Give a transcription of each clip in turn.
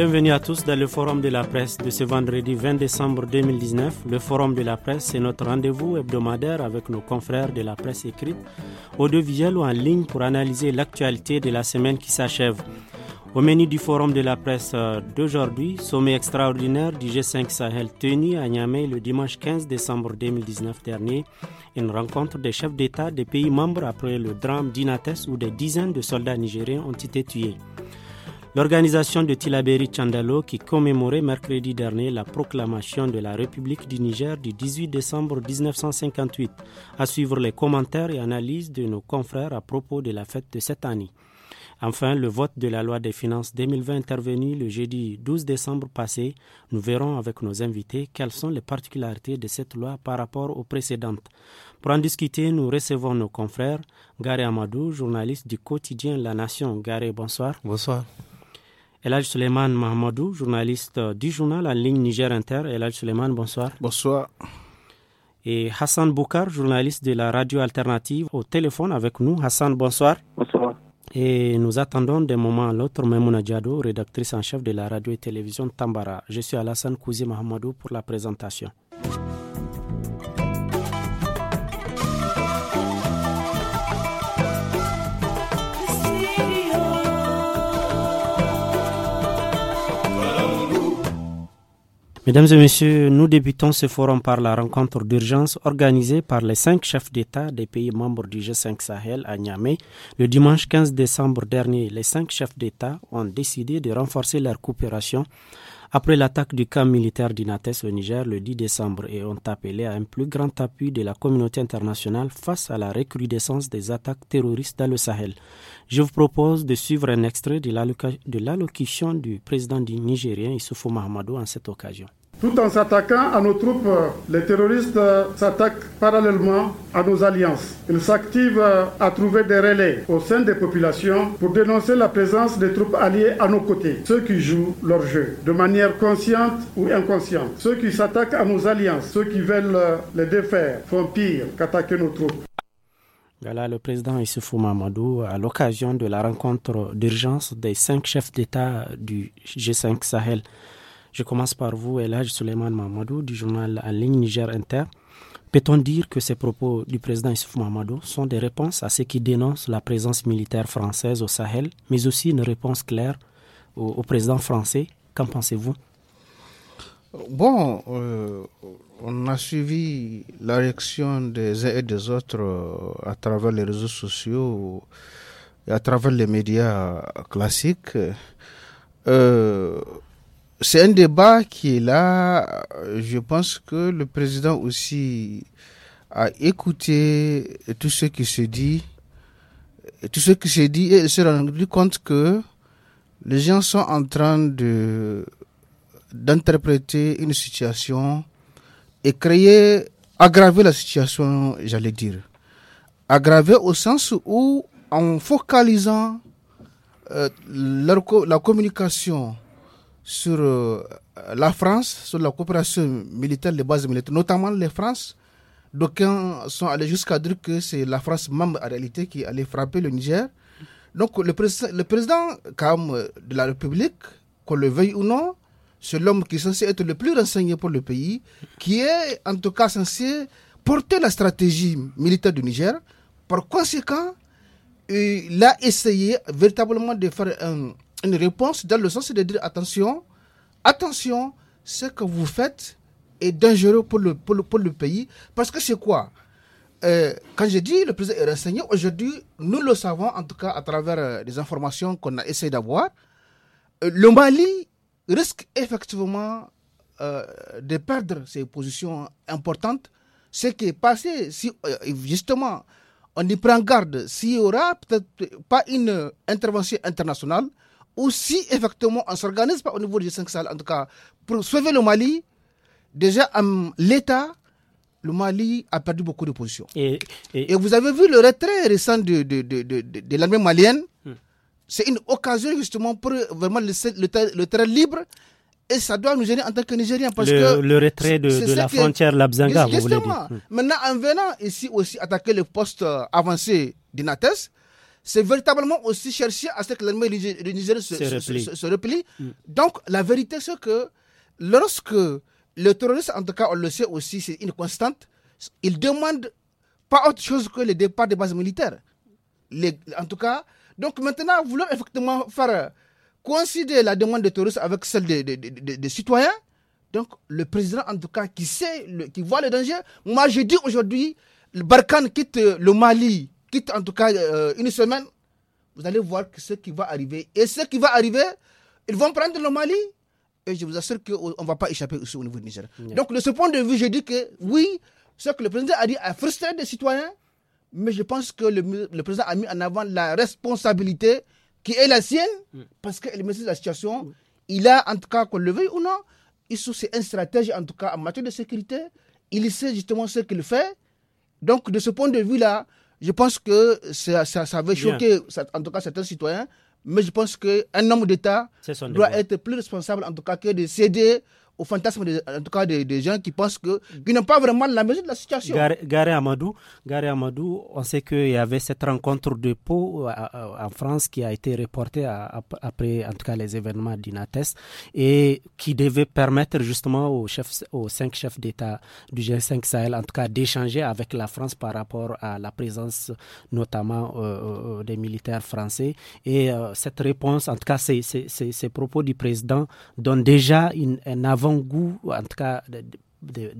Bienvenue à tous dans le Forum de la presse de ce vendredi 20 décembre 2019. Le Forum de la presse, c'est notre rendez-vous hebdomadaire avec nos confrères de la presse écrite, audiovisuelle ou en ligne pour analyser l'actualité de la semaine qui s'achève. Au menu du Forum de la presse euh, d'aujourd'hui, sommet extraordinaire du G5 Sahel tenu à Niamey le dimanche 15 décembre 2019 dernier, une rencontre des chefs d'État des pays membres après le drame d'Inates où des dizaines de soldats nigériens ont été tués. L'organisation de Tilaberi Chandalo qui commémorait mercredi dernier la proclamation de la République du Niger du 18 décembre 1958. À suivre les commentaires et analyses de nos confrères à propos de la fête de cette année. Enfin, le vote de la loi des finances 2020 intervenu le jeudi 12 décembre passé, nous verrons avec nos invités quelles sont les particularités de cette loi par rapport aux précédentes. Pour en discuter, nous recevons nos confrères Gary Amadou, journaliste du quotidien La Nation. Gary, bonsoir. Bonsoir. Elal Suleiman Mahamadou, journaliste du journal en ligne Niger Inter. Elal Suleiman, bonsoir. Bonsoir. Et Hassan Boukar, journaliste de la radio alternative, au téléphone avec nous. Hassan, bonsoir. Bonsoir. Et nous attendons d'un moment à l'autre Memouna Diado, rédactrice en chef de la radio et télévision Tambara. Je suis Alassane Kouzi Mahamadou pour la présentation. Mesdames et messieurs, nous débutons ce forum par la rencontre d'urgence organisée par les cinq chefs d'État des pays membres du G5 Sahel à Niamey. Le dimanche 15 décembre dernier, les cinq chefs d'État ont décidé de renforcer leur coopération après l'attaque du camp militaire d'Inates au Niger le 10 décembre et ont appelé à un plus grand appui de la communauté internationale face à la recrudescence des attaques terroristes dans le Sahel. Je vous propose de suivre un extrait de l'allocution du président du Nigérien Issoufou Mahamadou en cette occasion. Tout en s'attaquant à nos troupes, les terroristes euh, s'attaquent parallèlement à nos alliances. Ils s'activent euh, à trouver des relais au sein des populations pour dénoncer la présence des troupes alliées à nos côtés, ceux qui jouent leur jeu de manière consciente ou inconsciente. Ceux qui s'attaquent à nos alliances, ceux qui veulent euh, les défaire, font pire qu'attaquer nos troupes. Voilà le président Issoufou Mamadou à l'occasion de la rencontre d'urgence des cinq chefs d'État du G5 Sahel. Je commence par vous, Elhaj Suleiman Mamadou, du journal en ligne Niger Inter. Peut-on dire que ces propos du président Issouf Mamadou sont des réponses à ceux qui dénoncent la présence militaire française au Sahel, mais aussi une réponse claire au, président français Qu'en pensez-vous Bon, euh, on a suivi la réaction des uns et des autres euh, à travers les réseaux sociaux et à travers les médias classiques. Euh, c'est un débat qui est là. Je pense que le président aussi a écouté tout ce qui se dit, tout ce qui se dit et se rendu compte que les gens sont en train de d'interpréter une situation et créer, aggraver la situation, j'allais dire. Aggraver au sens où, en focalisant euh, leur, la communication sur euh, la France, sur la coopération militaire, les bases militaires, notamment les France. D'aucuns sont allés jusqu'à dire que c'est la France même en réalité qui allait frapper le Niger. Donc le, président, le président de la République, qu'on le veuille ou non, c'est l'homme qui est censé être le plus renseigné pour le pays, qui est en tout cas censé porter la stratégie militaire du Niger. Par conséquent, il a essayé véritablement de faire un, une réponse dans le sens de dire attention, attention, ce que vous faites est dangereux pour le, pour le, pour le pays. Parce que c'est quoi euh, Quand j'ai dit le président est renseigné, aujourd'hui, nous le savons, en tout cas à travers les euh, informations qu'on a essayé d'avoir, euh, le Mali risque effectivement euh, de perdre ses positions importantes. Ce qui est passé, si justement on y prend garde, s'il y aura peut-être pas une intervention internationale, aussi, exactement effectivement on s'organise pas au niveau des 5 en tout cas, pour sauver le Mali, déjà l'État, le Mali a perdu beaucoup de positions. Et, et, vous avez vu le retrait récent de, de, de, de, l'armée malienne. Hmm. C'est une occasion justement pour vraiment le, libre et ça doit nous gêner en tant que Nigériens. Parce que le retrait de, la frontière Labzanga, vous voulez hmm. Maintenant, en venant ici aussi attaquer le poste euh, avancé d'Inates, c'est véritablement aussi chercher à ce que l'armée du se, se, replie. se, mm. Donc, la vérité, c'est que lorsque le terroriste, en tout cas, on le sait aussi, c'est une constante, il demande pas autre chose que le départ des bases militaires. Les, en tout cas, donc maintenant, vouloir effectivement faire euh, coïncider la demande des terroristes avec celle des, citoyens, donc le président, en tout cas, qui sait, qui voit le danger, moi je dis aujourd'hui, le Barkhane quitte le Mali quitte en tout cas euh, une semaine, vous allez voir ce qui va arriver. Et ce qui va arriver, ils vont prendre le Mali. Et je vous assure qu'on ne va pas échapper aussi au niveau du Niger. Donc, de ce point de vue, je dis que oui, ce que le président a dit a frustré des citoyens, mais je pense que le, président a mis en avant la responsabilité qui est la sienne, mm. parce qu'il maîtrise la situation. Mm. Il a, en tout cas, qu'on le veuille ou non, il c'est un stratège, en tout cas, en matière de sécurité. Il sait justement ce qu'il fait. Donc, de ce point de vue-là, je pense que ça, ça, ça avait choqué, en tout cas, certains citoyens. Mais je pense qu'un homme d'État doit être plus responsable, en tout cas, que de céder au fantasme, en tout cas, des gens qui pensent que, n'ont pas vraiment la mesure de la situation. Garé Amadou, Garé Amadou, on sait qu'il y avait cette rencontre de Pau euh, euh, en France qui a été reportée après, en tout cas, les événements d'Inates et qui devait permettre justement aux, chefs, aux cinq chefs d'État du G5 Sahel, en tout cas, d'échanger avec la France par rapport à la présence notamment euh, des militaires français. Et cette réponse, en tout cas, ces, propos du président donnent déjà une, un avant goût, en tout cas de,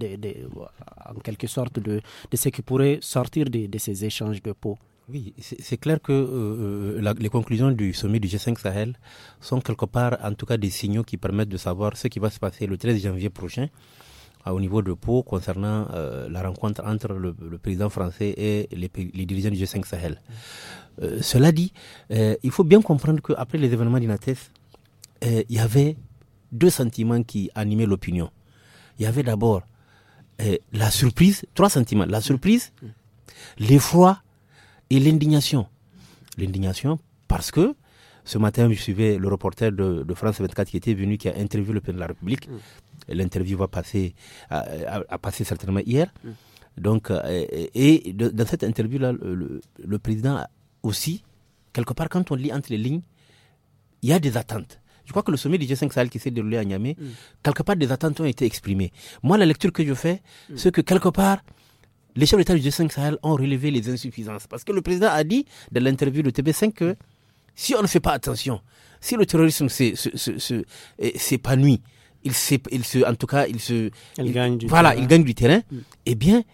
en quelque sorte, de, ce qui pourrait sortir de, ces échanges de peau. Oui, c'est clair que euh, euh, les conclusions du sommet du G5 Sahel sont quelque part, en tout cas, des signaux qui permettent de savoir ce qui va se passer le 13 janvier prochain au niveau de Pau concernant euh, la rencontre entre le, président français et les, les dirigeants du G5 Sahel. cela dit, il faut bien comprendre qu'après les événements d'Inates, il y avait deux sentiments qui animaient l'opinion. Il y avait d'abord euh, la surprise, trois sentiments, la surprise, l'effroi et l'indignation. L'indignation parce que ce matin, je suivais le reporter de, France 24 qui était venu, qui a interviewé le président de la République. Mm. L'interview va passer, a, passé certainement hier. Mm. Donc, euh, et, dans cette interview-là, le, président aussi, quelque part, quand on lit entre les lignes, il y a des attentes je crois que le sommet du G5 Sahel qui s'est déroulé à Niamey, mm. quelque part des attentes ont été exprimées. Moi, la lecture que je fais, mm. c'est que quelque part, les chefs d'État du G5 Sahel ont relevé les insuffisances. Parce que le président a dit dans l'interview de TB5 que si on ne fait pas attention, si le terrorisme euh, s'épanouit, il, en tout cas, il se, gagne du voilà, terrain. il gagne du terrain. Mm. Eh bien,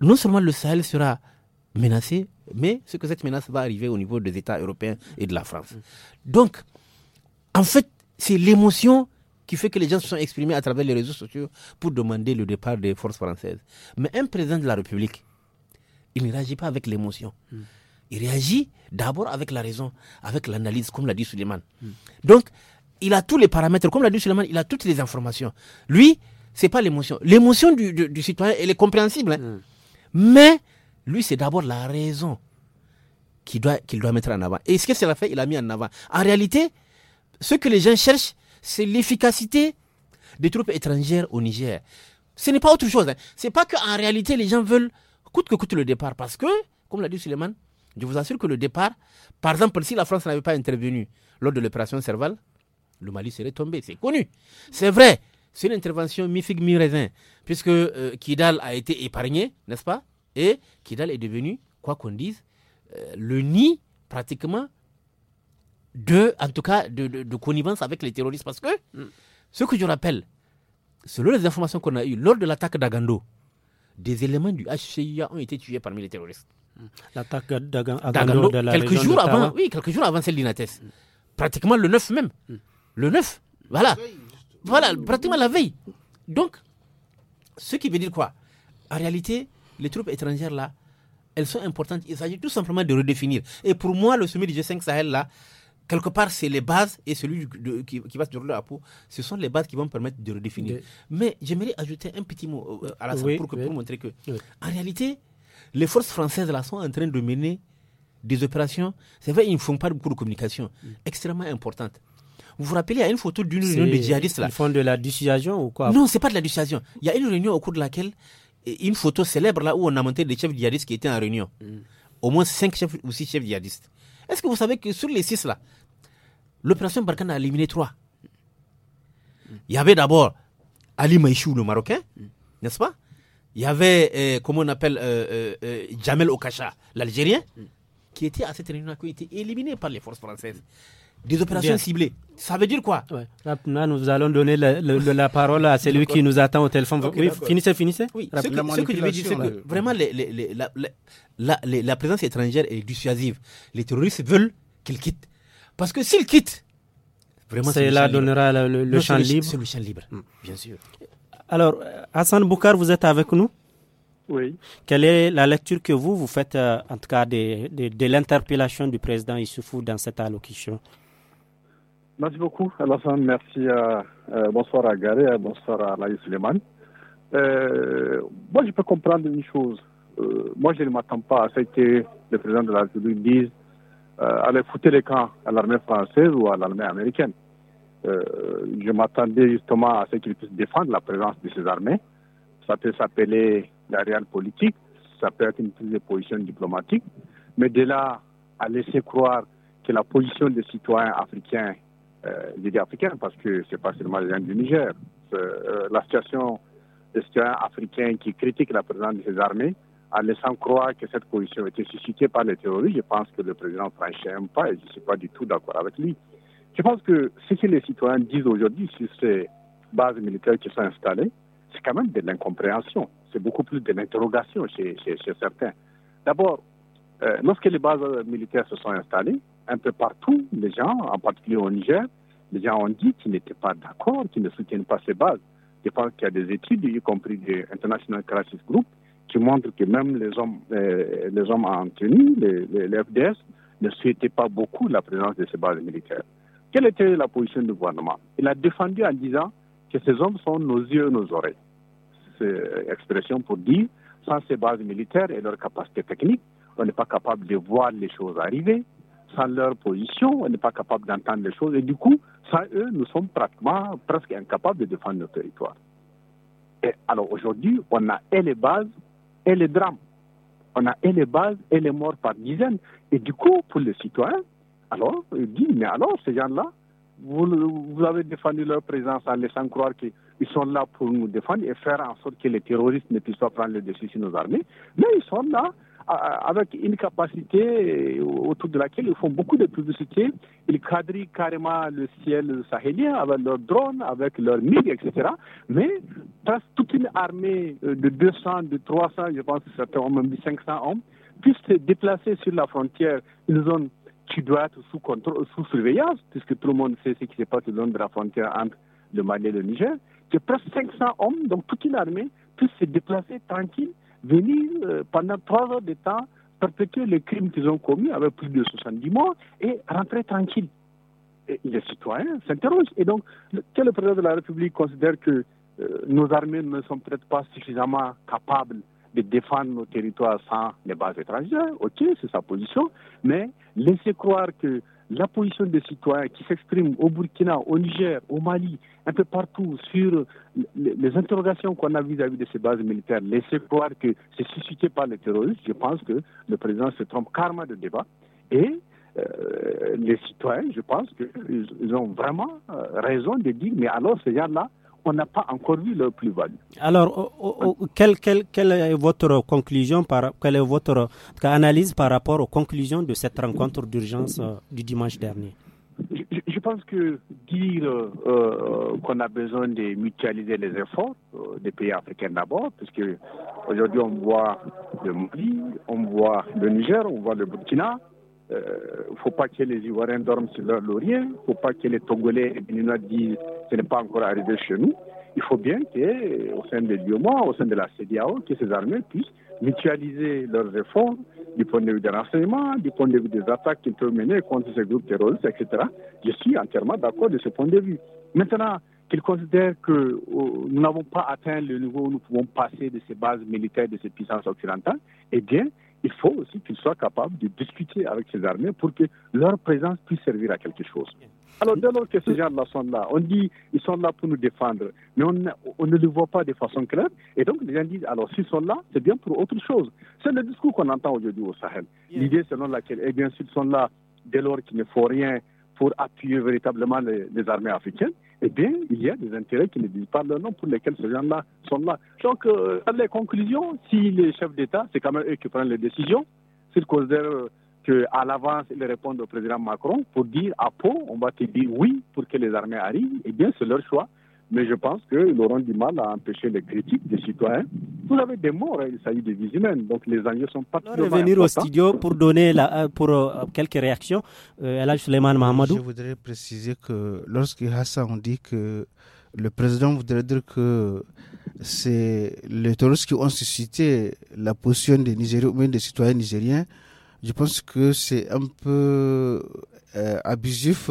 non seulement le Sahel sera menacé, mais ce que cette menace va arriver au niveau des États européens et de la France. Donc, en fait, c'est l'émotion qui fait que les gens se sont exprimés à travers les réseaux sociaux pour demander le départ des forces françaises. Mais un président de la République, il ne réagit pas avec l'émotion. Il réagit d'abord avec la raison, avec l'analyse, comme l'a dit Suleiman. Donc, il a tous les paramètres, comme l'a dit Suleiman, il a toutes les informations. Lui, ce n'est pas l'émotion. L'émotion du, citoyen, elle est compréhensible. Hein. Mais lui, c'est d'abord la raison qu'il doit, doit mettre en avant. Et ce que cela fait, il a mis en avant. En réalité, ce que les gens cherchent, c'est l'efficacité des troupes étrangères au Niger. Ce n'est pas autre chose. Hein. C'est Ce n'est pas qu'en réalité, les gens veulent coûte que coûte le départ. Parce que, comme l'a dit Suleiman, je vous assure que le départ, par exemple, si la France n'avait pas intervenu lors de l'opération Serval, le Mali serait tombé. C'est connu. C'est vrai. C'est une intervention mythique, figue mi-raisin. Puisque euh, Kidal a été épargné, n'est-ce pas Et Kidal est devenu, quoi qu'on dise, euh, le nid pratiquement de, en tout cas, de, de, connivence avec les terroristes. Parce que, ce que je rappelle, selon les informations qu'on a eues, lors de l'attaque d'Agando, des éléments du HCIA ont été tués parmi les terroristes. L'attaque d'Agando, la quelques jours avant, Oui, quelques jours avant celle d'Inates. Pratiquement le 9 même. Le 9, voilà. Voilà, pratiquement la veille. Donc, ce qui veut dire quoi En réalité, les troupes étrangères là, elles sont importantes. Il s'agit tout simplement de redéfinir. Et pour moi, le sommet du G5 Sahel là, quelque part, c'est les bases et celui qui, qui, va se dérouler à peau. Ce sont les bases qui vont permettre de redéfinir. Mais j'aimerais ajouter un petit mot euh, à la pour, que, montrer que, en réalité, les forces françaises sont en train de mener des opérations. C'est vrai, ils ne font pas beaucoup de communication mm. extrêmement importante. Vous vous rappelez, il y a une photo d'une réunion de djihadistes là. Ils font de la dissuasion ou quoi Non, ce n'est pas de la dissuasion. Il y a une réunion au cours de laquelle eh, une photo célèbre là où on a monté des chefs djihadistes qui étaient en réunion. Mm. Au moins cinq chefs ou six chefs djihadistes. Est-ce que vous savez que sur les six là, L'opération Barkhane a éliminé trois. Il y avait d'abord Ali Maïchou, le Marocain, mm. n'est-ce pas Il y avait, euh, comment on appelle, euh, euh, Jamel Okacha, l'Algérien, mm. qui était à cette réunion, qui a été éliminé par les forces françaises. Des opérations ciblées. Ça veut dire quoi Maintenant, nous allons donner la, parole à celui qui nous attend au téléphone. oui, finissez, finissez. ce que, je veux dire, c'est que vraiment, la, présence étrangère est dissuasive. Les terroristes veulent qu'ils quittent parce que s'il quitte, vraiment, cela donnera le, champ libre. C'est le champ libre, hmm. bien sûr. Alors, Hassan Boukar, vous êtes avec nous Oui. Quelle est la lecture que vous, vous faites, euh, en tout cas, de, de, l'interpellation du président Issoufou dans cette allocution Merci beaucoup, Merci. À, euh, euh, bonsoir à Garé, bonsoir à Laïs Suleiman. moi, je peux comprendre une chose. moi, je ne m'attends pas à ce que le président de la République dise Aller euh, foutre les camps à l'armée française ou à l'armée américaine. Euh, je m'attendais justement à ce qu'ils puissent défendre la présence de ces armées. Ça peut s'appeler la réelle politique, ça peut être une prise de position diplomatique, mais de là à laisser croire que la position des citoyens africains, euh, je dis africains parce que ce n'est pas seulement les gens du Niger, euh, la situation des citoyens africains qui critiquent la présence de ces armées, en laissant croire que cette coalition été suscitée par les terroristes, je pense que le président français n'aime pas et je ne suis pas du tout d'accord avec lui. Je pense que ce que les citoyens disent aujourd'hui sur ces bases militaires qui sont installées, c'est quand même de l'incompréhension. C'est beaucoup plus de l'interrogation chez, certains. D'abord, euh, lorsque les bases militaires se sont installées, un peu partout, les gens, en particulier au Niger, les gens ont dit qu'ils n'étaient pas d'accord, qu'ils ne soutiennent pas ces bases. Je pense qu'il y a des études, y compris des International Crisis Group, qui montre que même les hommes, euh, les hommes en tenue, les, FDS, ne souhaitaient pas beaucoup la présence de ces bases militaires. Quelle était la position du gouvernement Il a défendu en disant que ces hommes sont nos yeux, nos oreilles. C'est euh, expression pour dire, sans ces bases militaires et leurs capacité techniques, on n'est pas capable de voir les choses arriver. Sans leur position, on n'est pas capable d'entendre les choses. Et du coup, sans eux, nous sommes pratiquement presque incapables de défendre nos territoires. Et alors aujourd'hui, on a et les bases et les drames. On a et les bases et les morts par dizaines. Et du coup, pour les citoyens, alors, ils disent, mais alors, ces gens-là, vous, vous, avez défendu leur présence en laissant croire qu'ils sont là pour nous défendre et faire en sorte que les terroristes ne puissent pas prendre le dessus sur nos armées. Mais ils sont là avec une capacité euh, autour de laquelle ils font beaucoup de publicité. Ils quadrillent carrément le ciel sahélien avec leurs drones, avec leurs MiG, etc. Mais toute une armée euh, de 200, de 300, je pense que certains ont même 500 hommes, puisse se déplacer sur la frontière, une zone qui doit être sous, contrôle, sous surveillance, puisque tout le monde sait ce qui se passe dans de la frontière entre le Mali et le Niger, que presque 500 hommes, donc toute une armée, puisse se déplacer tranquille venir euh, pendant trois heures de temps perpétuer les crimes qu'ils ont commis avec plus de 70 mois et rentrer tranquille. les citoyens s'interrogent. Et donc, que le président de la République considère que euh, nos armées ne sont peut-être pas suffisamment capables de défendre nos territoires sans les bases étrangères, ok, c'est sa position, mais laisser croire que la position des citoyens qui s'expriment au Burkina, au Niger, au Mali, un peu partout sur les interrogations qu'on a vis-à-vis de ces bases militaires, laisser croire que c'est suscité par les terroristes, je pense que le président se trompe carrément de débat. Et euh, les citoyens, je pense qu'ils ont vraiment euh, raison de dire, mais alors ces gens-là on n'a pas encore vu leur plus-value. Alors, quelle, est votre conclusion, par, quelle est votre analyse par rapport aux conclusions de cette rencontre d'urgence euh, du dimanche dernier je, pense que dire euh, euh, qu'on a besoin de mutualiser les efforts des pays africains d'abord, puisque aujourd'hui on voit le Mali, on voit le Niger, on voit le Burkina, il euh, ne faut pas que les Ivoiriens dorment sur leur laurier, il ne faut pas que les Togolais et Béninois disent ce n'est pas encore arrivé chez nous. Il faut bien qu'au sein de l'IOMA, au sein de la CDAO, que ces armées puissent mutualiser leurs efforts du point de vue des renseignements, du point de vue des attaques qu'ils peuvent mener contre ces groupes terroristes, etc. Je suis entièrement d'accord de ce point de vue. Maintenant, qu'ils considèrent que oh, nous n'avons pas atteint le niveau où nous pouvons passer de ces bases militaires, de ces puissances occidentales, eh bien, il faut aussi qu'ils soient capables de discuter avec ces armées pour que leur présence puisse servir à quelque chose. Alors, dès lors que ces gens-là sont là, on dit ils sont là pour nous défendre, mais on, ne le voit pas de façon claire. Et donc, les gens disent alors, s'ils sont là, c'est bien pour autre chose. C'est le discours qu'on entend aujourd'hui au Sahel. L'idée selon laquelle, eh bien, s'ils sont là, dès lors qu'il ne faut rien, pour appuyer véritablement les, armées africaines, eh bien, il y a des intérêts qui ne disent pas leur nom pour lesquels ces gens-là sont là. Donc, euh, dans les conclusions, si les chefs d'État, c'est quand même eux qui prennent les décisions, s'ils considèrent qu'à l'avance, ils répondent au président Macron pour dire à Pau, on va te dire oui pour que les armées arrivent, eh bien, c'est leur choix. Mais je pense qu'ils auront du mal à empêcher les critiques des citoyens. Vous avez des morts, hein, il s'agit des vies humaines, donc les enjeux sont pas revenir au studio pour donner la, euh, pour euh, quelques réactions. Euh, Mahamadou. Je voudrais préciser que lorsque Hassan dit que le président voudrait dire que c'est les terroristes qui ont suscité la position des Nigériens des citoyens nigériens, je pense que c'est un peu euh, abusif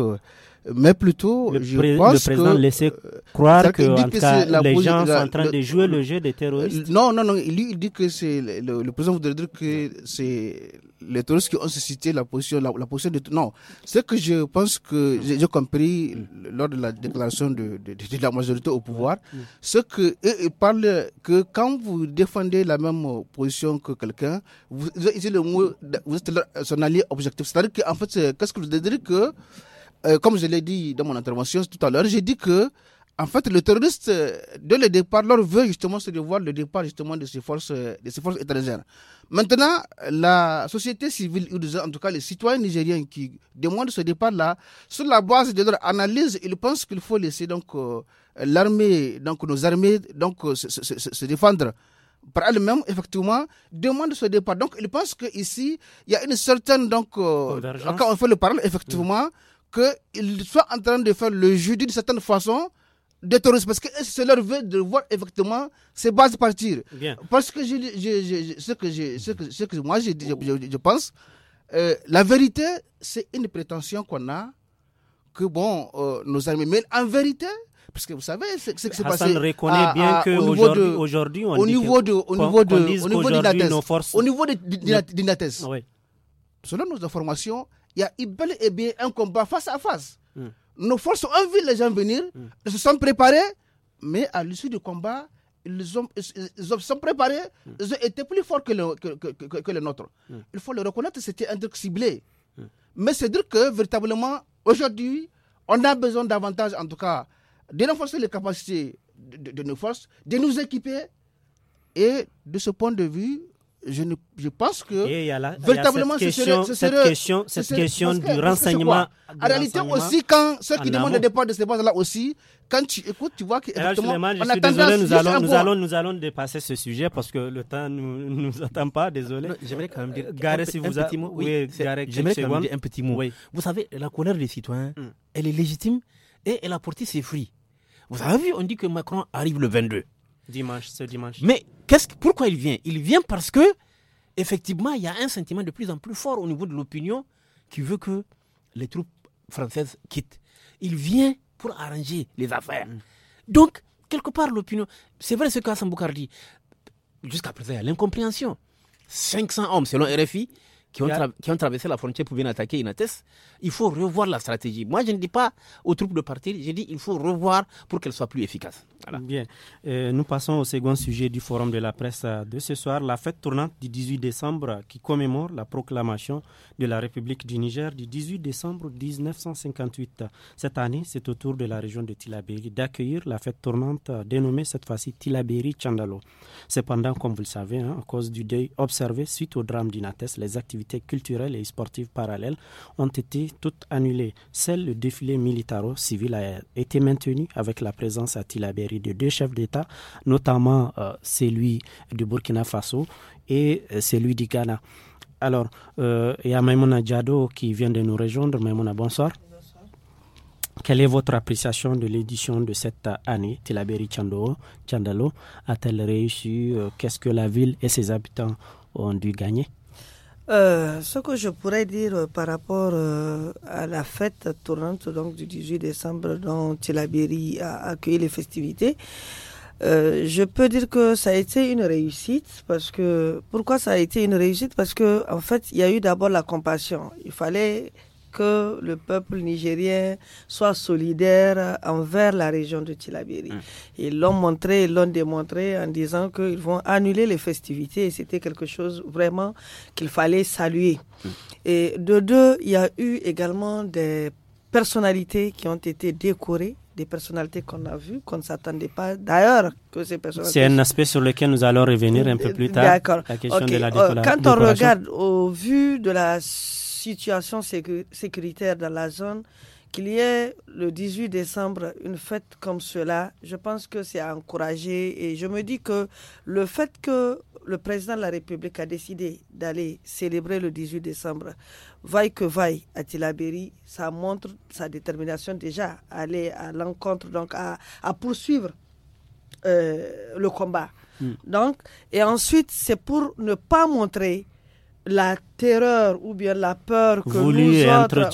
mais plutôt, je pense le président que, laissait euh, croire que, les gens sont en train de jouer le jeu des terroristes. Euh, non, non, non. Il, dit que c'est le, président voudrait dire que c'est les terroristes qui ont suscité la position, la, position de non. Ce que je pense que j'ai compris mm. lors de la déclaration de, la majorité au pouvoir, mm. mm. c'est que ils parlent que quand vous défendez la même position que quelqu'un, vous, le mot, vous êtes son allié objectif. C'est-à-dire qu'en fait, qu'est-ce que vous dire que euh, comme je l'ai dit dans mon intervention tout à l'heure, j'ai dit que, en fait, le terroriste euh, dès le départ, leur veut justement, se devoir le départ, justement, de ces forces, euh, de ces forces étrangères. Maintenant, la société civile, ou e, en tout cas les citoyens nigériens qui demandent ce départ-là, sur la base de leur analyse, ils pensent qu'il faut laisser, donc, l'armée, donc, nos armées, donc, se, défendre par elles-mêmes, effectivement, demandent ce départ. Donc, ils pensent qu'ici, il y a une certaine. Donc, quand on fait le parallèle, effectivement, mm qu'ils soient en train de faire le jeu d'une certaine façon des terroristes parce que c'est leur veut de voir effectivement ces bases partir. Parce que je, ce, que ce, que ce que moi je, je, pense, euh, la vérité, c'est une prétention qu'on a que bon, euh, nos armées. Mais en vérité, parce que vous savez ce, qui s'est passé. reconnaît bien qu'aujourd'hui, au niveau de, au niveau de, au niveau de, au niveau de, nos forces, au niveau de, Selon nos informations, il y a et bien un combat face à face. Hmm. Nos forces ont vu les gens venir, hmm. ils se sont préparés, mais à l'issue du combat, ils, se sont préparés, hmm. ils ont été plus forts que les que, Il faut le reconnaître, c'était un truc ciblé. Mais c'est dire que véritablement, aujourd'hui, on a besoin davantage, en tout cas, de renforcer les capacités de, de nos forces, de nous équiper. Et de ce point de vue, je, pense que véritablement cette question, cette question, du renseignement. en réalité aussi, quand ceux qui demandent le départ de ces bases là aussi, quand tu écoutes, tu vois qu'effectivement, on a désolé, nous allons, nous, allons, nous allons dépasser ce sujet parce que le temps ne nous, attend pas, désolé. J'aimerais quand même dire euh, un, si vous un petit mot. quand même dire un petit mot. Vous savez, la colère des citoyens, mm. elle est légitime et elle a porté ses fruits. Vous avez vu, on dit que Macron arrive le 22. Dimanche, ce dimanche. Mais qu'est-ce, pourquoi il vient Il vient parce que, effectivement, il y a un sentiment de plus en plus fort au niveau de l'opinion qui veut que les troupes françaises quittent. Il vient pour arranger les affaires. Mm. Donc, quelque part, l'opinion. C'est vrai ce qu'Assam Boukard dit. Jusqu'à présent, il y a l'incompréhension. 500 hommes, selon RFI, qui ont, traversé la frontière pour venir attaquer Inates, il faut revoir la stratégie. Moi, je ne dis pas aux troupes de partir, je dis il faut revoir pour qu'elles soient plus efficaces. Voilà. Bien. Euh, nous passons au second sujet du forum de la presse euh, de ce soir, la fête tournante du 18 décembre qui commémore la proclamation de la République du Niger du 18 décembre 1958. Cette année, c'est au tour de la région de Tilaberi d'accueillir la fête tournante euh, dénommée cette fois-ci Tilaberi Chandalo. Cependant, comme vous le savez, hein, à cause du deuil observé suite au drame d'Inates, les activités activités culturelles et sportives parallèles ont été toutes annulées. Seul le défilé militaro-civil a été maintenu avec la présence à Tilaberi de deux chefs d'État, notamment euh, celui du Burkina Faso et euh, celui du Ghana. Alors, euh, il y a Maimouna Diado qui vient de nous rejoindre. Maimouna, bonsoir. bonsoir. Quelle est votre appréciation de l'édition de cette année Tilaberi Chandalo a-t-elle réussi Qu'est-ce que la ville et ses habitants ont dû gagner euh, ce que je pourrais dire euh, par rapport euh, à la fête tournante donc, du 18 décembre dont Tilabiri a accueilli les festivités, euh, je peux dire que ça a été une réussite parce que pourquoi ça a été une réussite parce que en fait il y a eu d'abord la compassion il fallait que le peuple nigérien soit solidaire envers la région de Tilabiri. Mmh. Ils l'ont montré, ils l'ont démontré en disant qu'ils vont annuler les festivités et c'était quelque chose vraiment qu'il fallait saluer. Mmh. Et de deux, il y a eu également des personnalités qui ont été décorées des personnalités qu'on a vues, qu'on ne s'attendait pas d'ailleurs que ces personnalités. C'est un aspect sur lequel nous allons revenir un peu plus tard. D'accord. La question de la euh, Quand on regarde au vu de la situation sécuritaire dans la zone, qu'il y ait le 18 décembre une fête comme cela, je pense que c'est à encourager. Et je me dis que le fait que le président de la République a décidé d'aller célébrer le 18 décembre, vaille que vaille à Tilaberi, ça montre sa détermination déjà à aller à l'encontre, donc à, poursuivre euh, le combat. Hmm. Donc, et ensuite, c'est pour ne pas montrer la terreur ou bien la peur que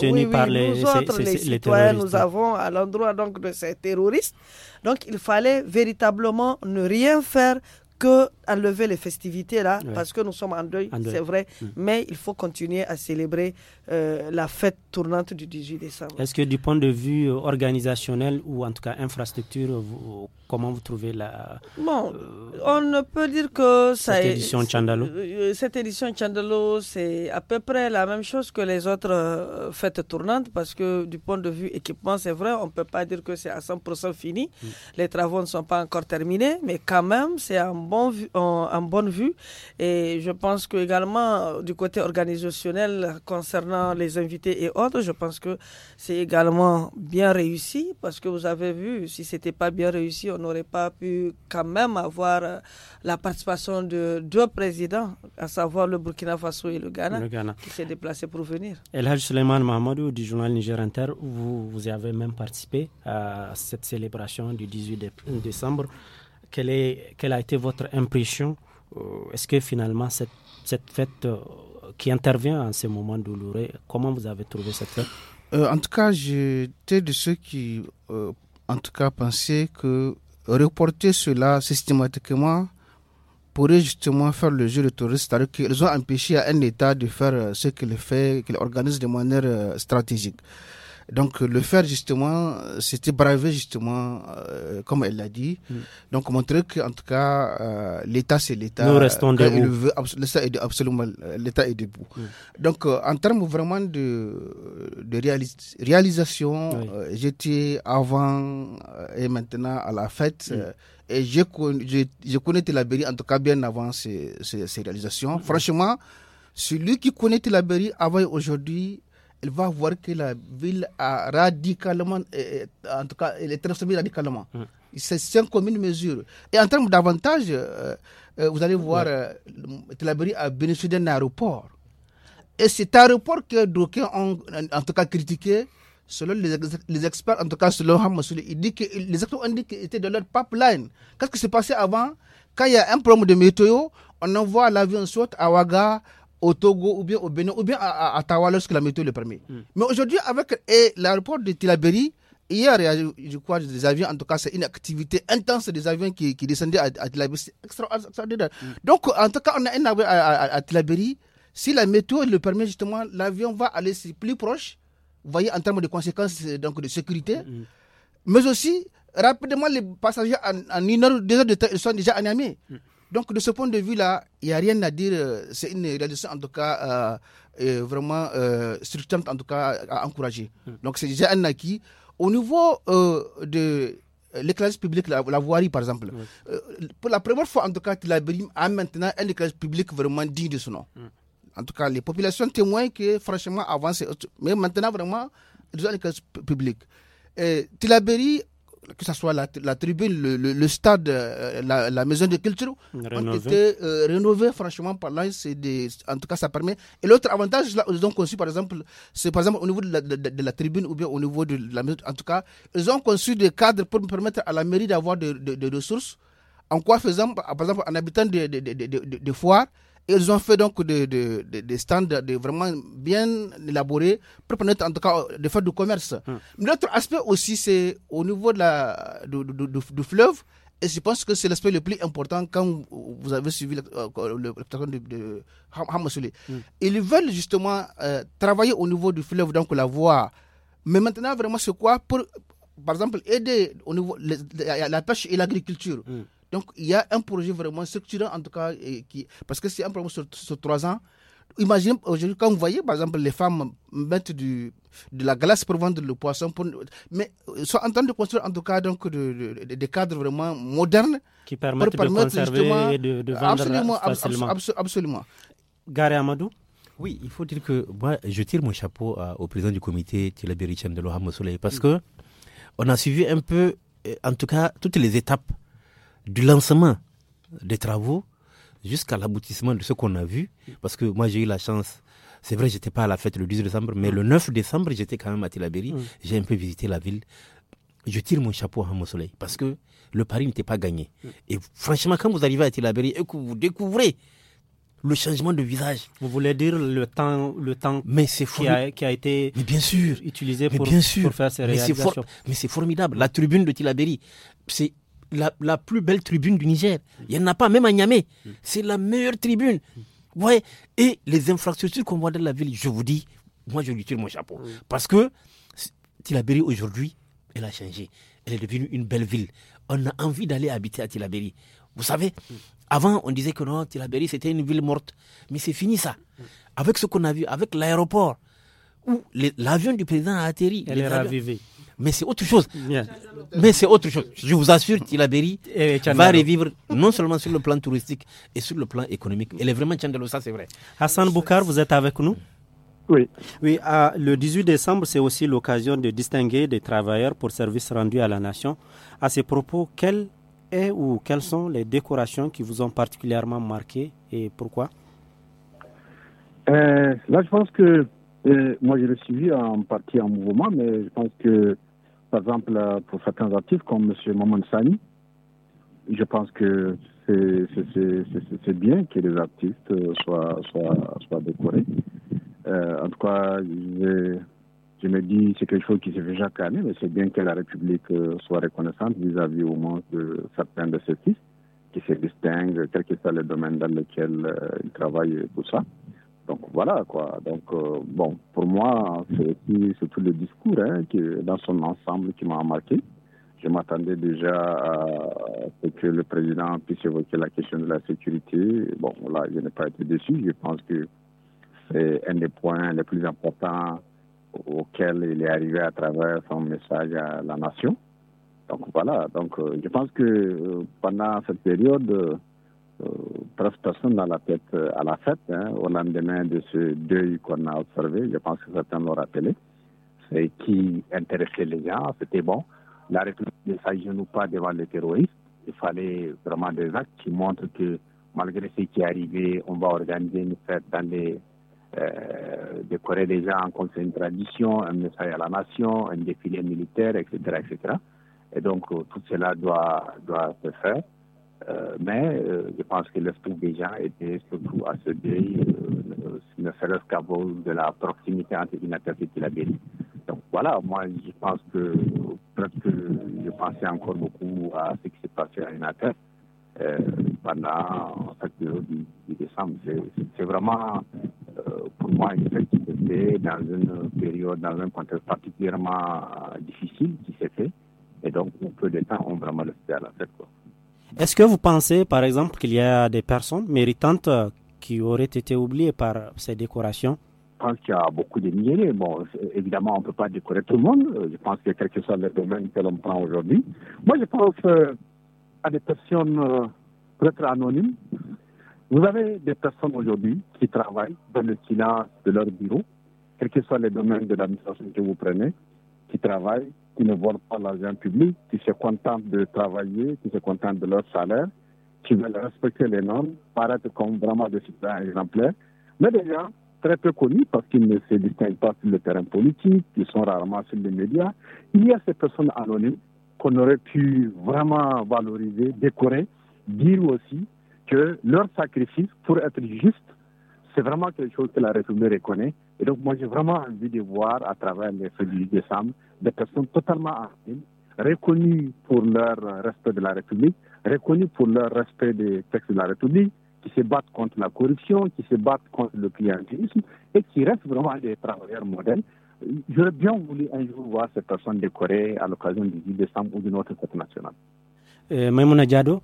nous par les, nous citoyens, nous avons à l'endroit donc de ces terroristes. Donc il fallait véritablement ne rien faire que enlever les festivités là, parce que nous sommes en deuil, c'est vrai, mm. mais il faut continuer à célébrer euh, la fête tournante du 18 décembre. Est-ce que du point de vue euh, organisationnel ou en tout cas infrastructure, Comment vous trouvez la. Bon, euh, on ne peut dire que ça Cette est, édition euh, Cette édition Chandalo, c'est à peu près la même chose que les autres euh, fêtes tournantes parce que du point de vue équipement, c'est vrai, on ne peut pas dire que c'est à 100% fini. Mm. Les travaux ne sont pas encore terminés, mais quand même, c'est en, bon, bonne vue. Et je pense que également, du côté organisationnel, concernant les invités et autres, je pense que c'est également bien réussi parce que vous avez vu, si c'était pas bien réussi, n'aurait pas pu quand même avoir euh, la participation de deux présidents, à savoir le Burkina Faso et le Ghana, qui s'est déplacé pour venir. Elhaj Suleiman Mahamadou du journal Niger Inter, vous, vous avez même participé à cette célébration du 18 décembre. Quelle, est, quelle a été votre impression euh, Est-ce que finalement cette, cette fête euh, qui intervient en ce moment douloureux, comment vous avez trouvé cette fête en tout cas, j'étais de ceux qui, en tout cas, pensaient que reporter cela systématiquement pourrait justement faire le jeu de touristes, c'est-à-dire qu'ils ont empêché à un État de faire euh, ce qu'il fait, qu'il organise de manière euh, stratégique. Donc le faire justement, c'était braver justement, euh, comme elle l'a dit. Mm. Donc montrer qu'en tout cas, euh, l'État c'est l'État. Nous restons debout. L'État est absolument, l'État est debout. Mm. Donc euh, en termes vraiment de, de réalis réalisation, j'étais avant et maintenant à la fête. Mm. et je, je, je connais Telabéry en tout cas bien avant ces, réalisations. Franchement, celui qui connaît Telabéry avant et aujourd'hui, elle va voir que la ville a radicalement, euh, euh, en tout cas, elle est transformée radicalement. Mmh. C'est une commune mesures. Et en termes d'avantages, euh, vous allez voir, oui. a bénéficié d'un aéroport. Et c'est cet aéroport que d'aucuns ont, en, tout cas, critiqué, selon les, experts, en tout cas selon Hamassouli, il dit que les experts ont dit qu'ils étaient dans leur pipeline. Qu'est-ce qui s'est passé avant Quand il y a un problème de météo, on envoie l'avion saute à Ouaga, au Togo ou bien au Bénin ou bien à, Tawa lorsque la météo le permet. Hmm. Mais aujourd'hui, avec l'aéroport de Tilaberi, hier, il y a, je crois, des avions, en tout cas, c'est une activité intense des avions qui, descendaient à, à Tilaberi. C'est hmm. Donc, en tout cas, on a un avion à, Tilaberi. Si la météo le permet, justement, l'avion va aller plus proche, vous voyez, en termes de conséquences euh, donc, de sécurité. Hmm, Mais aussi, rapidement, les passagers, en, en une heure, deux heures ils sont déjà animés. Donc, de ce point de vue-là, il n'y a rien à dire. Euh, c'est une réalisation, en tout cas, euh, euh, vraiment euh, structurante, en tout cas, à encourager. Hmm. Donc, c'est déjà un acquis. Au niveau de l'éclairage public, la, la, voirie, par exemple, pour la première fois, en tout cas, a maintenant un éclairage public vraiment digne de ce nom. Hmm. En tout cas, les populations témoignent que, franchement, avant, mais maintenant, vraiment, ils ont un éclairage public que ce soit la, tribune, le, stade, euh, la, la, maison de culture, ont été euh, rénovés, franchement c'est Des, en tout cas, ça permet. Et l'autre avantage, là, ils ont conçu, par exemple, c'est par exemple au niveau de la, de, la, tribune ou bien au niveau de la maison. En tout cas, ils ont conçu des cadres pour permettre à la mairie d'avoir des de, ressources. En quoi faisant, par exemple, en habitant des de, foires, ils ont fait donc des, standards vraiment bien élaborés pour permettre en tout cas de faire du commerce. Hum. L'autre aspect aussi, c'est au niveau de la, du, fleuve. Et je pense que c'est l'aspect le plus important quand vous avez suivi le, euh, le, de, de hum. Ils veulent justement euh, travailler au niveau du fleuve, donc la voie. Mais maintenant, vraiment, c'est quoi pour, par exemple, aider au niveau la, pêche et l'agriculture hum. Donc il y a un projet vraiment structurant, en tout cas, qui, parce que c'est un projet sur, trois ans. Imaginez, aujourd'hui, quand vous voyez, par exemple, les femmes mettre du, de la glace pour vendre le poisson, pour, mais euh, soit en train de construire, en tout cas, donc, des cadres vraiment modernes qui permettent de conserver et de, vendre ah, absolument, facilement. absolument. Gare Amadou Oui, il faut dire que moi, je tire mon chapeau euh, au président du comité, Thierry Richem de l'Oham Soleil, parce mm. que on a suivi un peu, euh, en tout cas, toutes les étapes du lancement des travaux jusqu'à l'aboutissement de ce qu'on a vu. Parce que moi, j'ai eu la chance. C'est vrai, j'étais pas à la fête le 10 décembre, mais le 9 mm. décembre, j'étais quand même à Tilaberi. Mm. J'ai un peu visité la ville. Je tire mon chapeau à mon soleil parce que le pari n'était pas gagné. Mm. Et franchement, quand vous arrivez à Tilaberi et que vous découvrez le changement de visage. Vous voulez dire le temps, le temps mais qui, a, qui, a, été bien sûr, utilisé pour, faire ces réalisations. Mais c'est formidable. La tribune de Tilaberi, c'est la, plus belle tribune du Niger. Il n'y en a pas, même à Niamey. C'est la meilleure tribune. Ouais. Et les infrastructures qu'on voit dans la ville, je vous dis, moi je lui tire mon chapeau. Parce que Tilaberi aujourd'hui, elle a changé. Elle est devenue une belle ville. On a envie d'aller habiter à Tilaberi. Vous savez, avant on disait que non, Tilaberi c'était une ville morte. Mais c'est fini ça. Avec ce qu'on a vu, avec l'aéroport, où l'avion du président a atterri. Elle est ravivée. Mais c'est autre chose. Mais c'est autre chose. Je vous assure, Tilaberi eh, va revivre non seulement sur le plan touristique et sur le plan économique. Elle est vraiment Tchandalo, ça c'est vrai. Hassan Boukar, vous êtes avec nous oui. Oui, ah, le 18 décembre, c'est aussi l'occasion de distinguer des travailleurs pour services rendus à la nation. À ces propos, quelles est ou quelles sont les décorations qui vous ont particulièrement marqué et pourquoi euh, Là, je pense que moi, je l'ai suivi en partie en mouvement, mais je pense que, par exemple, pour certains artistes comme M. Maman Sani, je pense que c'est bien que les artistes soient, décorés. Euh, en tout cas, je, me dis c'est quelque chose qui se fait chaque année, mais c'est bien que la République euh, soit reconnaissante vis-à-vis au moins de certains de ces fils qui se distinguent, quel que soit le domaine dans lequel euh, ils travaillent et tout ça. Donc voilà quoi. Donc euh, bon, pour moi, c'est tout le discours hein, dans son ensemble qui m'a marqué. Je m'attendais déjà à ce que le président puisse évoquer la question de la sécurité. Bon, là, je n'ai pas été déçu. Je pense que c'est un des points les plus importants auxquels il est arrivé à travers son message à la nation. Donc voilà, donc euh, je pense que euh, pendant cette période, euh, presque personne dans la tête euh, à la fête hein. au lendemain de ce deuil qu'on a observé. Je pense que certains l'ont rappelé. C'est qui intéressait les gens, c'était bon. La République ne s'agenouille pas devant les terroristes. Il fallait vraiment des actes qui montrent que malgré ce qui est arrivé, on va organiser une fête dans les euh, décorer les gens comme c'est une tradition, un message à la nation, un défilé militaire, etc., etc. Et donc euh, tout cela doit se faire. Euh, mais euh, je pense que l'esprit des gens était surtout à ce deuil, euh, ne serait-ce qu'à de la proximité entre une et la ville. Donc voilà, moi je pense que je pensais encore beaucoup à ce qui s'est passé à euh, pendant cette période du, décembre. C'est vraiment pour moi une fête dans une période, dans un contexte particulièrement difficile qui s'est fait. Et donc, peu de temps, on vraiment le fait à la fête. Quoi. Est-ce que vous pensez, par exemple, qu'il y a des personnes méritantes euh, qui auraient été oubliées par ces décorations je pense qu'il y a beaucoup de milliers. Bon, évidemment, on ne peut pas décorer tout le monde. Euh, je pense que quel que soit le domaine que l'on prend aujourd'hui. Moi, je pense euh, à des personnes peut-être anonymes. Vous avez des personnes aujourd'hui qui travaillent dans le silence de leur bureau, quel que soit le domaine de l'administration que vous prenez, qui travaillent qui ne volent pas l'argent public, qui se contentent de travailler, qui se contentent de leur salaire, qui veulent respecter les normes, paraître comme vraiment des citoyens exemplaires, mais des gens très peu connus parce qu'ils ne se distinguent pas sur le terrain politique, qui sont rarement sur les médias. Il y a ces personnes anonymes qu'on aurait pu vraiment valoriser, décorer, dire aussi que leur sacrifice pour être juste, c'est vraiment quelque chose que la République reconnaît. Et donc moi j'ai vraiment envie de voir à travers les feux du décembre des personnes totalement armées, reconnues pour leur respect de la République, reconnues pour leur respect des textes de la République, qui se battent contre la corruption, qui se battent contre le clientélisme et qui restent vraiment des travailleurs modèles. J'aurais bien voulu un jour voir ces personnes décorées à l'occasion du 10 décembre ou d'une autre fête nationale. Euh,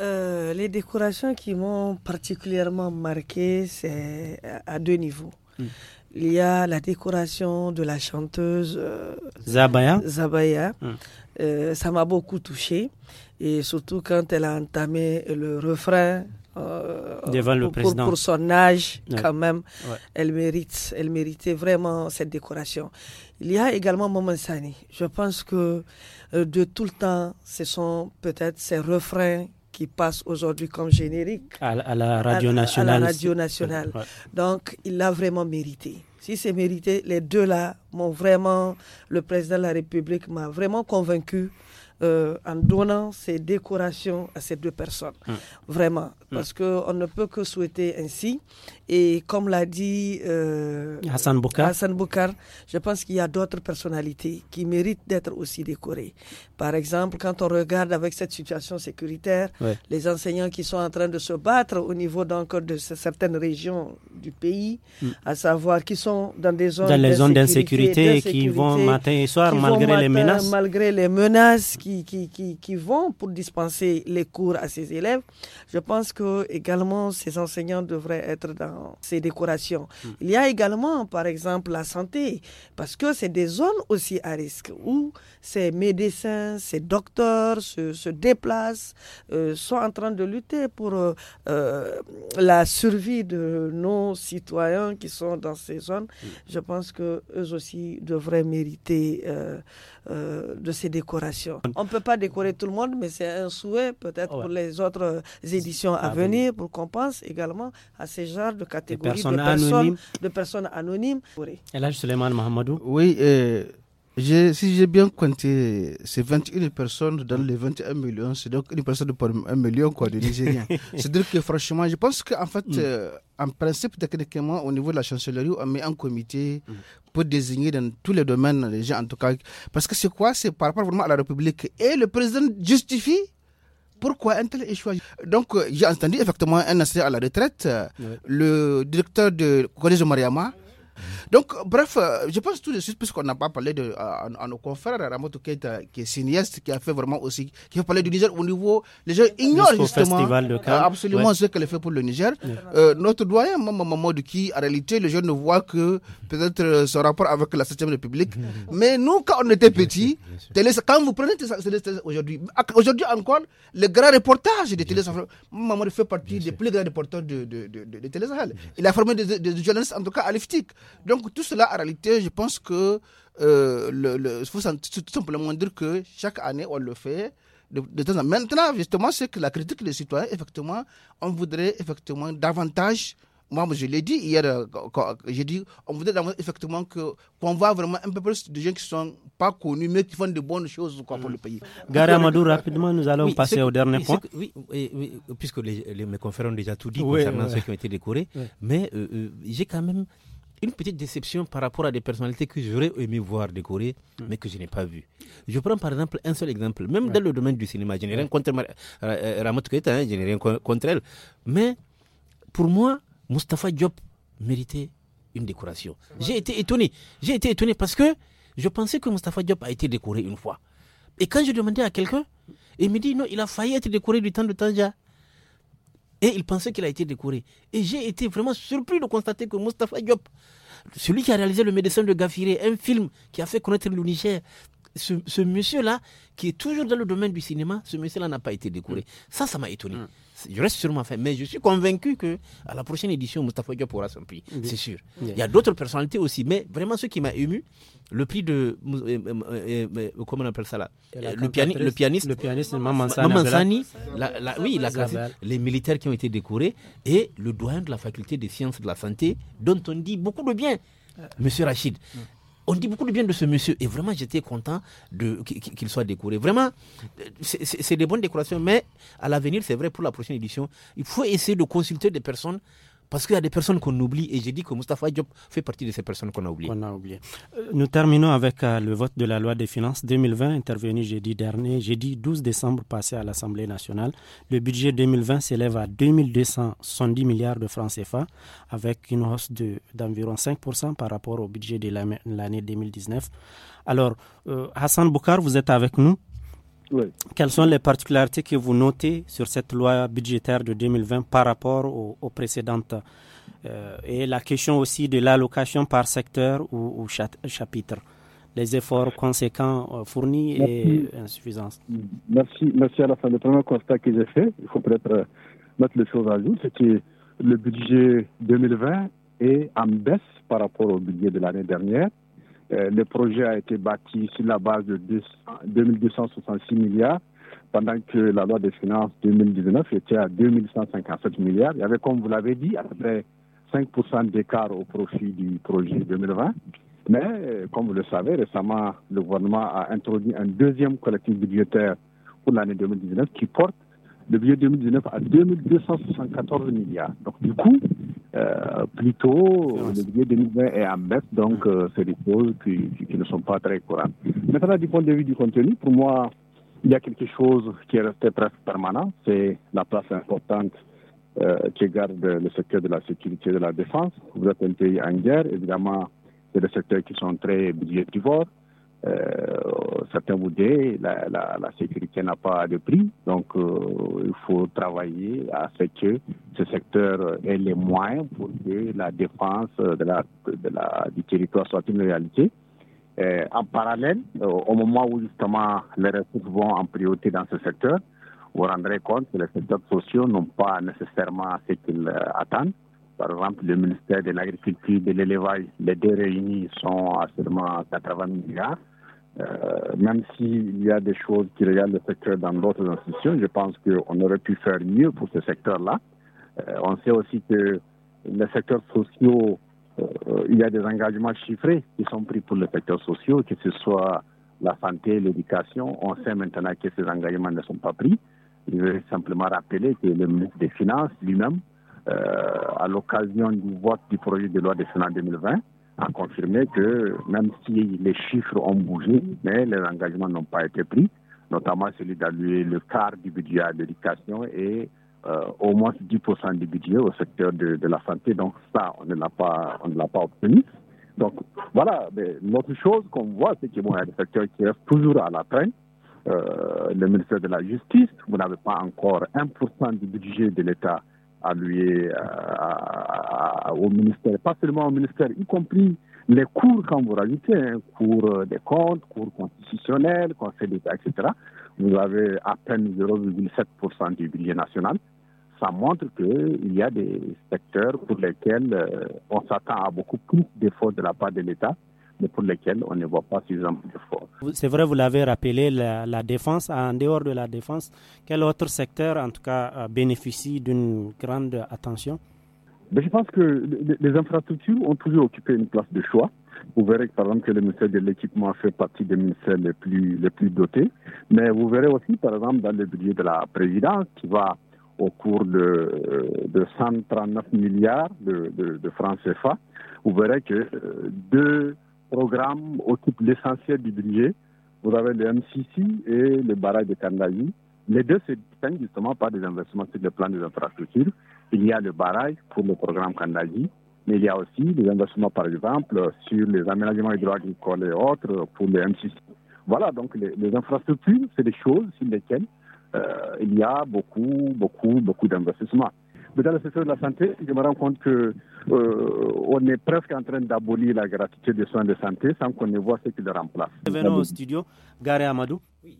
euh, les décorations qui m'ont particulièrement marqué, c'est à deux niveaux. Hmm. Il y a la décoration de la chanteuse euh, Zabaya. Zabaya. Hum. Euh, ça m'a beaucoup touchée. Et surtout quand elle a entamé le refrain euh, devant pour, son âge, quand même, elle mérite, elle méritait vraiment cette décoration. Il y a également Momensani, Je pense que de tout le temps, ce sont peut-être ces refrains qui passe aujourd'hui comme générique à, la radio nationale. Donc, il l'a vraiment mérité. Si c'est mérité, les deux là m'ont vraiment, le président de la République m'a vraiment convaincu euh, en donnant ces décorations à ces deux personnes. Hum. Vraiment, hum. parce parce qu'on ne peut que souhaiter ainsi. Et comme l'a dit euh, Hassan, Boukar. Hassan je pense qu'il y a d'autres personnalités qui méritent d'être aussi décorées. Par exemple, quand on regarde avec cette situation sécuritaire, les enseignants qui sont en train de se battre au niveau encore de certaines régions du pays, hum. à savoir qui sont dans des zones d'insécurité qui vont matin et soir malgré les, les menaces. Malgré les menaces qui, qui, vont pour dispenser les cours à ces élèves, je pense que également ces enseignants devraient être dans ces décorations. Hmm. Il y a également, par exemple, la santé, parce que c'est des zones aussi à risque où ces médecins, ces docteurs se, déplacent, euh, sont en train de lutter pour euh, euh, la survie de nos citoyens qui sont dans ces zones. Hmm. Je pense que eux aussi devraient mériter de ces décorations. On ne peut pas décorer tout le monde, mais c'est un souhait peut-être pour les autres euh, éditions à, venir, pour qu'on pense également à ces genres de catégories de, personnes, de personnes, anonymes. là, Suleiman Mahamadou. Oui, si j'ai bien compté, c'est 21 personnes dans les 21 millions. C'est donc une personne pour un million quoi, de Nigériens. C'est-à-dire que franchement, je pense qu'en fait, mm. euh, en principe, techniquement, au niveau de la chancellerie, on met un comité mm. pour désigner dans tous les domaines les gens, en tout cas. Parce que c'est quoi C'est par rapport vraiment à la République. Et le président justifie pourquoi un tel échoua Donc, euh, j'ai entendu effectivement un ancien à la retraite, le directeur de collège de Mariama donc, bref, euh, je pense tout de suite, puisqu'on n'a pas parlé de, à, nos confrères, Ramoto Keita, qui est cinéaste, qui a fait vraiment aussi, qui a parlé du Niger au niveau, les gens ignorent justement euh, absolument ce qu'elle fait pour le Niger. Euh, notre doyen, Maman de qui, en réalité, les gens ne voient que peut-être son rapport avec la 7ème République. Mais nous, quand on était petit quand vous prenez aujourd'hui, aujourd'hui encore, le grand reportage de Télé Sahel, Maman fait partie des plus grands reporters de, de, de, Télé Sahel. Il a formé des, des, journalistes, en tout cas, à l'IFTIC. Donc, donc tout cela, en réalité, je pense que euh, faut tout simplement dire que chaque année, on le fait. De, temps en temps. Maintenant, justement, c'est que la critique des citoyens, effectivement, on voudrait effectivement davantage moi, je l'ai dit hier, euh, j'ai dit, on voudrait effectivement que, qu'on voit vraiment un peu plus de gens qui sont pas connus, mais qui font de bonnes choses quoi, pour mmh. le pays. Gare rapidement, nous allons passer au dernier point. oui, puisque les, mes confrères ont déjà tout dit concernant ceux qui ont été décorés, mais euh, euh, j'ai quand même une petite déception par rapport à des personnalités que j'aurais aimé voir décorer, hmm. mais que je n'ai pas vu. Je prends par exemple un seul exemple, même dans le domaine du cinéma. Je n'ai rien contre Mar euh, Ramat hein, je n'ai rien contre elle. Mais pour moi, Mustapha Diop méritait une décoration. J'ai été étonné. J'ai été étonné parce que je pensais que Mustapha Diop a été décoré une fois. Et quand je demandais à quelqu'un, il me dit non, il a failli être décoré du temps de Tanja. Et il pensait qu'il a été décoré. Et j'ai été vraiment surpris de constater que Mustapha Diop, celui qui a réalisé Le médecin de Gafiré, un film qui a fait connaître le Niger, ce, monsieur-là, qui est toujours dans le domaine du cinéma, ce monsieur-là n'a pas été décoré. Mm. Ça, ça m'a étonné. Mm. Je reste sûrement fait, mais je suis convaincu que à la prochaine édition, Mustafa Diop aura son prix, c'est sûr. Il y a d'autres personnalités aussi, mais vraiment ce qui m'a ému, le prix de euh, euh, euh, comment on appelle ça là, le, pianiste, le pianiste Mamansani, oui, les militaires qui ont été décorés et le doyen de la faculté des sciences de la santé, dont on dit beaucoup de bien. Monsieur Rachid, mm on dit beaucoup de bien de ce monsieur et vraiment j'étais content qu'il soit décoré. Vraiment, c'est des bonnes décorations, mais à l'avenir, c'est vrai pour la prochaine édition, il faut essayer de consulter des personnes parce qu'il y a des personnes qu'on oublie et j'ai dit que Mustafa Diop fait partie de ces personnes qu'on a oubliées. On a oublié. Euh, nous terminons avec euh, le vote de la loi des finances 2020 intervenu jeudi dernier, jeudi 12 décembre passé à l'Assemblée nationale. Le budget 2020 s'élève à 2270 milliards de francs CFA avec une hausse d'environ 5% par rapport au budget de l'année 2019. Alors, euh, Hassan Boukar, vous êtes avec nous quelles sont les particularités que vous notez sur cette loi budgétaire de 2020 par rapport aux, précédentes euh, Et la question aussi de l'allocation par secteur ou, chapitre les efforts conséquents euh, fournis et insuffisance. Merci, merci à la fin. Le premier constat que j'ai fait, il faut peut-être euh, mettre les choses à jour, c'est que le budget 2020 est en baisse par rapport au budget de l'année dernière. Euh, le projet a été bâti sur la base de 2266 milliards, pendant que la loi des finances 2019 était à 2157 milliards. Il y avait, comme vous l'avez dit, à peu près 5% d'écart au profit du projet 2020. Mais, euh, comme vous le savez, récemment, le gouvernement a introduit un deuxième collectif budgétaire pour l'année 2019 qui porte le budget 2019 à 2274 milliards. Donc, du coup, euh, plutôt, le budget 2020 est en baisse, donc euh, c'est des choses qui, ne sont pas très courantes. Maintenant, du point de vue du contenu, pour moi, il y a quelque chose qui est resté presque permanent, c'est la place importante euh, que garde le secteur de la sécurité et de la défense. Vous êtes un pays en guerre, évidemment, c'est des secteurs qui sont très budgétivores. Euh, certains vous disent la, la, sécurité n'a pas de prix, donc euh, il faut travailler à ce que ce secteur ait les moyens pour que la défense de la, de la du territoire soit une réalité. Euh, en parallèle, au moment où justement les ressources vont en priorité dans ce secteur, vous vous rendrez compte que les secteurs sociaux n'ont pas nécessairement ce qu'ils attendent. Par exemple, le ministère de l'Agriculture de l'Élevage, les deux réunis sont à seulement 80 milliards. Euh, même s'il y a des choses qui regardent le secteur dans d'autres institutions, je pense qu'on aurait pu faire mieux pour ce secteur-là. Euh, on sait aussi que le secteurs sociaux, euh, il y a des engagements chiffrés qui sont pris pour le secteur social, que ce soit la santé, l'éducation. On sait maintenant que ces engagements ne sont pas pris. Je veux simplement rappeler que le ministre des Finances lui-même euh, à l'occasion du vote du projet de loi de fin 2020, a confirmé que même si les chiffres ont bougé, mais les engagements n'ont pas été pris, notamment celui d'allouer le quart du budget à l'éducation et euh, au moins 10% du budget au secteur de, la santé. Donc ça, on ne l'a pas, on l'a pas obtenu. Donc voilà. L'autre chose qu'on voit, c'est qu'il y a des secteurs qui restent toujours à la traîne. Euh, le ministère de la Justice, vous n'avez pas encore 1% du budget de l'État euh, à au ministère, pas seulement au ministère, y compris les cours quand vous rajoutez, hein, cours euh, des comptes, cours constitutionnels, conseil d'État, etc. Vous avez à peine 0,7% du budget national. Ça montre qu'il y a des secteurs pour lesquels euh, on s'attend à beaucoup plus d'efforts de la part de l'État mais pour lesquels on ne voit pas suffisamment force. C'est vrai, vous l'avez rappelé, la, défense, en dehors de la défense, quel autre secteur, en tout cas, euh, bénéficie d'une grande attention Je pense que les infrastructures ont toujours occupé une place de choix. Vous verrez par exemple que le ministère de l'équipement fait partie des ministères les plus, les plus dotés, mais vous verrez aussi par exemple dans le budget de la présidence qui va au cours de, euh, de 139 milliards de, de, de francs CFA, vous verrez que euh, deux programme occupe l'essentiel du budget. Vous avez le MCC et le barrage de Kandaji. Les deux se distinguent justement par des investissements sur le plan des infrastructures. Il y a le barrage pour le programme Kandaji, mais il y a aussi des investissements, par exemple, sur les aménagements hydroagricoles et autres pour le MCC. Voilà, donc les, infrastructures, c'est des choses sur lesquelles euh, il y a beaucoup, beaucoup, beaucoup d'investissements. Mais dans le secteur de la santé, je me rends compte que euh, on est presque en train d'abolir la gratuité des soins de santé sans qu'on ne voit ce qui le remplace. au studio. Gare Amadou. Oui,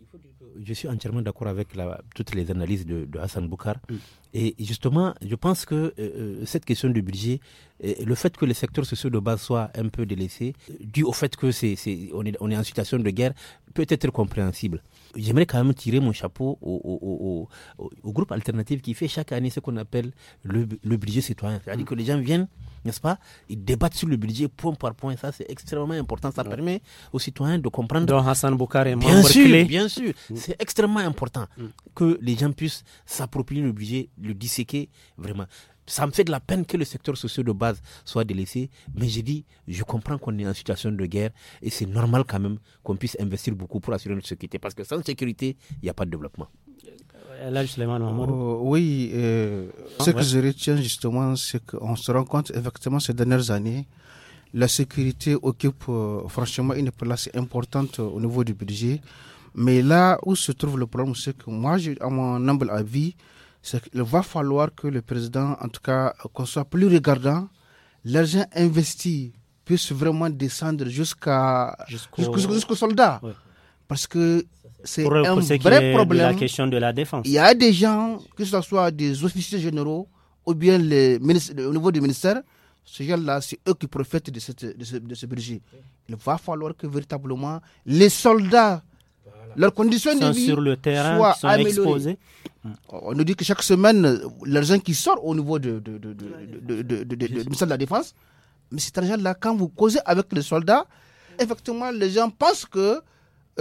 Je suis entièrement d'accord avec toutes les analyses de, Hassan Boukar. Et justement, je pense que euh, euh, cette question du budget, euh, le fait que les secteurs sociaux de base soient un peu délaissés, dû au fait que c'est, est, on, est, on, est, en situation de guerre, peut être compréhensible. J'aimerais quand même tirer mon chapeau au, groupe alternatif qui fait chaque année ce qu'on appelle le, budget citoyen. C'est-à-dire que les gens viennent, n'est-ce pas Ils débattent sur le budget point par point. Ça, c'est extrêmement important. Ça permet aux citoyens de comprendre. Donc Hassan Boukar est bien sûr, Bien sûr, mm. c'est extrêmement important mm. que les gens puissent s'approprier le budget le disséquer vraiment. Ça me fait de la peine que le secteur social de base soit délaissé, mais je dis, je comprends qu'on est en situation de guerre et c'est normal quand même qu'on puisse investir beaucoup pour assurer notre sécurité, parce que sans sécurité, il n'y a pas de développement. Euh, là, euh, oui, euh, ce que je retiens justement, c'est qu'on se rend compte effectivement ces dernières années, la sécurité occupe franchement une place importante au niveau du budget. Mais là où se trouve le problème, c'est que moi, à mon humble avis, il va falloir que le président, en tout cas, euh, qu'on soit plus regardant. L'argent investi puisse vraiment descendre jusqu'à soldats. Parce que c'est un vrai problème. La question de la défense. Il y a des gens, que ce soit des officiers généraux ou bien les au niveau du ministère, ces gens-là, c'est eux qui profitent de, cette, de, ce, de, ce, budget. Il va falloir que véritablement les soldats leurs conditions de vie sur le terrain, mm. On nous dit que chaque semaine, l'argent qui sort au niveau de, de, ministère de la Défense, mais cet argent-là, quand vous causez avec les soldats, effectivement, les gens pensent que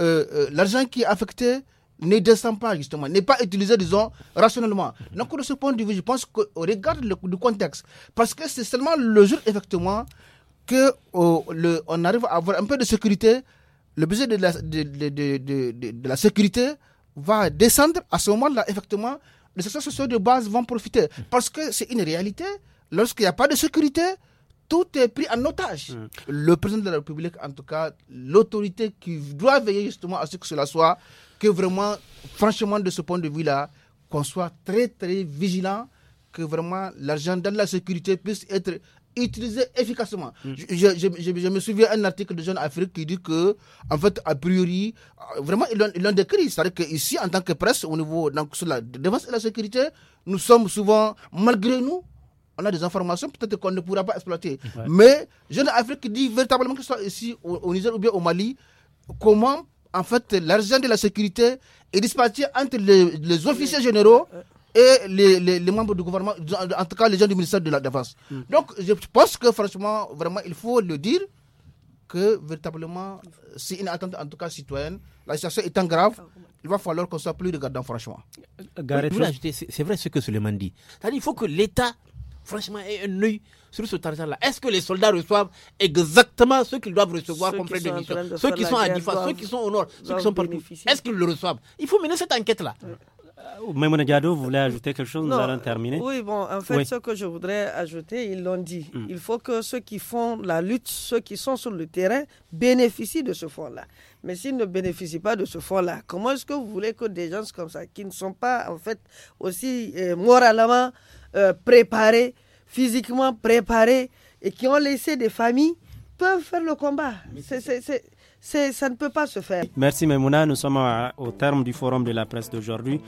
euh, euh, l'argent qui est affecté ne descend pas, justement, n'est pas utilisé, disons, rationnellement. Donc, de ce point de vue, je pense qu'on regarde le, contexte. Parce que c'est seulement le jour, effectivement, qu'on oh, arrive à avoir un peu de sécurité le budget de la, sécurité va descendre. À ce moment-là, effectivement, les secteurs sociaux de base vont profiter. Parce que c'est une réalité. Lorsqu'il n'y a pas de sécurité, tout est pris en otage. Hum. Le président de la République, en tout cas, l'autorité qui doit veiller justement à ce que cela soit, que vraiment, franchement, de ce point de vue-là, qu'on soit très, très vigilant, que vraiment l'argent dans la sécurité puisse être Utiliser efficacement. Mm. Je, me souviens d'un article de Jeune Afrique qui dit que, en fait, a priori, euh, vraiment, ils l'ont décrit. C'est-à-dire qu'ici, en tant que presse, au niveau donc, la défense et la sécurité, nous sommes souvent, malgré nous, on a des informations peut-être qu'on ne pourra pas exploiter. Mais Jeune Afrique dit véritablement que ce soit ici, au, Niger ou bien au Mali, comment en fait, l'argent de la sécurité est disparu entre les officiers généraux euh, euh, et les, membres du gouvernement, en tout cas les gens du ministère de la Défense. Hmm. Donc je pense que franchement, vraiment, il faut le dire que véritablement, c'est une attente en tout cas citoyenne. La situation étant grave, il va falloir qu'on soit plus regardant franchement. Euh, Gareth, c'est vrai ce que Suleiman dit. il faut que l'État franchement, ait un œil sur ce terrain là Est-ce que les soldats reçoivent exactement ce qu'ils doivent recevoir comme de Ceux qui sont à Difa, ceux qui sont au nord, ceux qui sont partout. Est-ce qu'ils le reçoivent Il faut mener cette enquête-là. Maimouna Diado, vous voulez ajouter quelque chose Nous terminer. Oui, bon, en fait, ce que je voudrais ajouter, ils l'ont dit. Hmm. Il faut que ceux qui font la lutte, ceux qui sont sur le terrain, bénéficient de ce fonds-là. Mais s'ils ne bénéficient pas de ce fonds-là, comment est-ce que vous voulez que des gens comme ça, qui ne sont pas, en fait, aussi euh, moralement euh, préparés, physiquement préparés, et qui ont laissé des familles, peuvent faire le combat ça ne peut pas se faire. Merci Memouna, nous sommes au terme du forum de la presse d'aujourd'hui.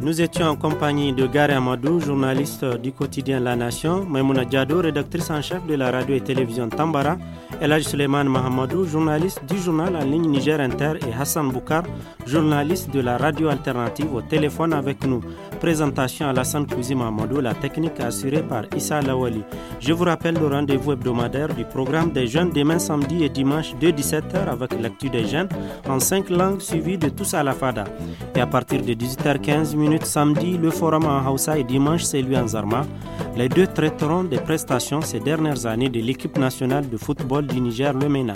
Nous étions en compagnie de Gary Amadou, journaliste du quotidien La Nation, Maimouna Diado, rédactrice en chef de la radio et télévision Tambara, Elaj Suleiman Mahamadou, journaliste du journal en ligne Niger Inter et Hassan Boukar, journaliste de la radio alternative au téléphone avec nous. Présentation à Sainte Kouzi Mahamadou, la technique assurée par Issa Lawali. Je vous rappelle le rendez-vous hebdomadaire du programme des jeunes demain samedi et dimanche de 17h avec l'actu des jeunes en cinq langues suivies de tous à la FADA. Et à partir de 18h15, samedi, le forum en Hausa et dimanche, c'est lui en Zarma. Les deux traiteront des prestations ces dernières années de l'équipe nationale de football du Niger, le MENA.